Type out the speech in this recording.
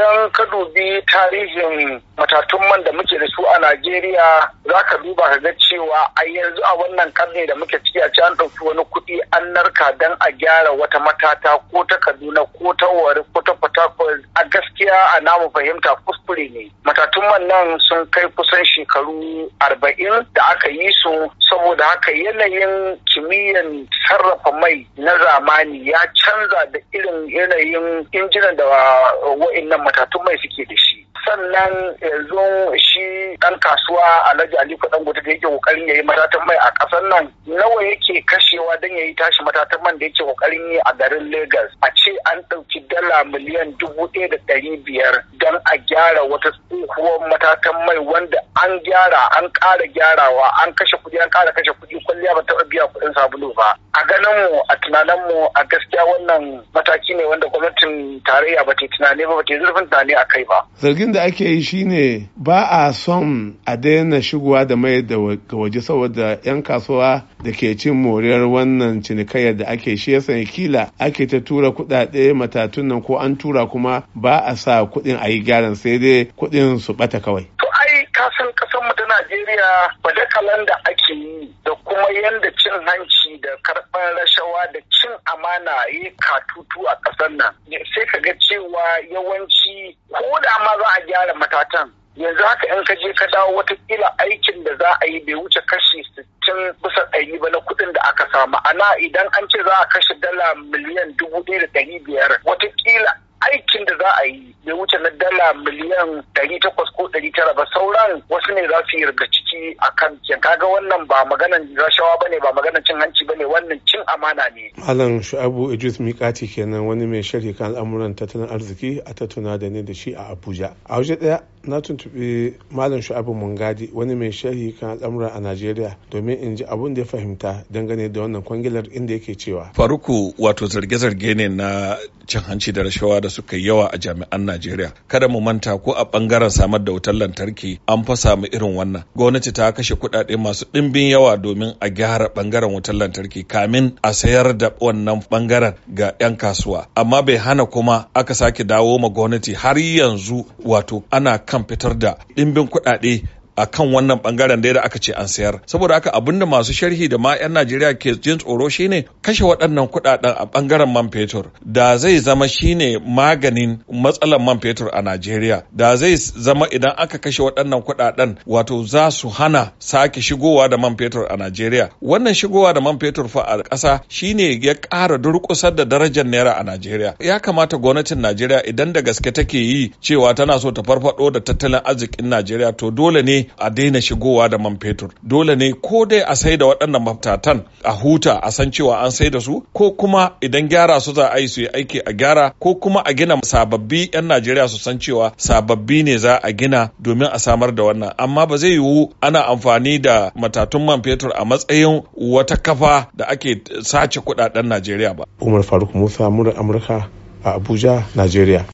像可多的差类型。matatun man da muke da su a Najeriya za ka duba ka ga cewa a yanzu a wannan karni da muke ciki a can ɗauki wani kuɗi an narka don a gyara wata matata ko ta Kaduna ko ta Wari ko ta Fatakwal a gaskiya a namu fahimta kuskure ne. Matatun man nan sun kai kusan shekaru arba'in da aka yi su saboda haka yanayin kimiyyan sarrafa mai na zamani ya canza da irin yanayin injinan da uh, nan matatun mai suke da shi. sannan yanzu shi ɗan kasuwa alhaji aliko gudu da yake kokarin ya yi matatan mai a ƙasar nan nawa yake kashewa don ya yi tashi matatan man da yake kokarin yi a garin lagos a ce an ɗauki dala miliyan dubu ɗaya da ɗari biyar don a gyara wata garkuwar matakan mai wanda an gyara an ƙara gyarawa an kashe kuɗi an ƙara kashe kuɗi kwalliya ba taɓa biya kuɗin sabulu ba a ganin mu a tunanin mu a gaskiya wannan mataki ne wanda gwamnatin tarayya ba ta tunani ba ba ta zurfin tunani a kai ba. zargin da ake yi shine ba a son a daina shigowa da mai da waje saboda 'yan kasuwa da ke cin moriyar wannan cinikayyar da ake shi yasa kila ake ta tura kuɗaɗe matatun nan ko an tura kuma ba a sa kuɗin a yi gyaran sai dai kuɗin su bata kawai. To ai kasan san kasan mu ta Najeriya badakalan da ake yi da kuma yanda cin hanci da karɓar rashawa da cin amana ya katutu a ƙasar nan. Sai ka ga cewa yawanci ko da ma za a gyara matatan yanzu haka in ka je ka dawo watakila aikin da za a yi bai wuce kashi sittin bisa ɗari ba na kuɗin da aka samu ana idan an ce za a kashe dala miliyan dubu ɗaya da ɗari biyar watakila aikin da za a yi ya wuce na dala miliyan 800 ko ɗari ba sauran wasu ne za su yi da ciki a kan kaga wannan ba maganan rashawa ba ne ba maganan cin hanci ba ne wannan cin amana ne. Malam Shu'abu Idris Mikati kenan wani mai sharhi kan al'amuran tattalin arziki a tattauna da ne da shi a Abuja. A waje ɗaya na tuntuɓi malam shu'abu mungadi wani mai shahi kan al'amura a najeriya domin in ji abun da ya fahimta dangane da wannan kwangilar inda yake cewa faruku wato zarge-zarge ne na cin hanci da rashawa da suka yi yawa a jami'an najeriya kada mu manta ko a bangaren samar da wutar lantarki an fa samu irin wannan gwamnati ta kashe kuɗaɗe masu ɗimbin yawa domin a gyara bangaren wutar lantarki kamin a sayar da wannan bangaren ga 'yan kasuwa amma bai hana kuma aka sake dawo ma gwamnati har yanzu wato ana kan fitar da ɗimbin kuɗaɗe a kan wannan bangaren da aka ce an sayar saboda haka abinda masu sharhi da ma 'yan najeriya ke jin tsoro shine kashe waɗannan kuɗaɗen a bangaren man fetur da zai zama shine maganin matsalar man fetur a najeriya da zai zama idan aka kashe waɗannan kuɗaɗen wato za su hana sake shigowa da man fetur a najeriya wannan shigowa da man fetur fa a ƙasa shine ya ƙara durƙusar da darajar naira a najeriya ya kamata gwamnatin najeriya idan da gaske take yi cewa tana so ta farfado da tattalin arzikin najeriya to dole ne a daina shigowa da man fetur dole ne ko dai a sai da waɗannan matatan a huta a san cewa an sai da su ko kuma idan gyara su za a yi su yi aiki a gyara ko kuma a gina sababbi 'yan najeriya su san cewa sababbi ne za a gina domin a samar da wannan amma ba zai yiwu ana amfani da matatun man fetur a matsayin wata kafa da ake sace kuɗaɗen najeriya ba umar faruk musa murar amurka a abuja najeriya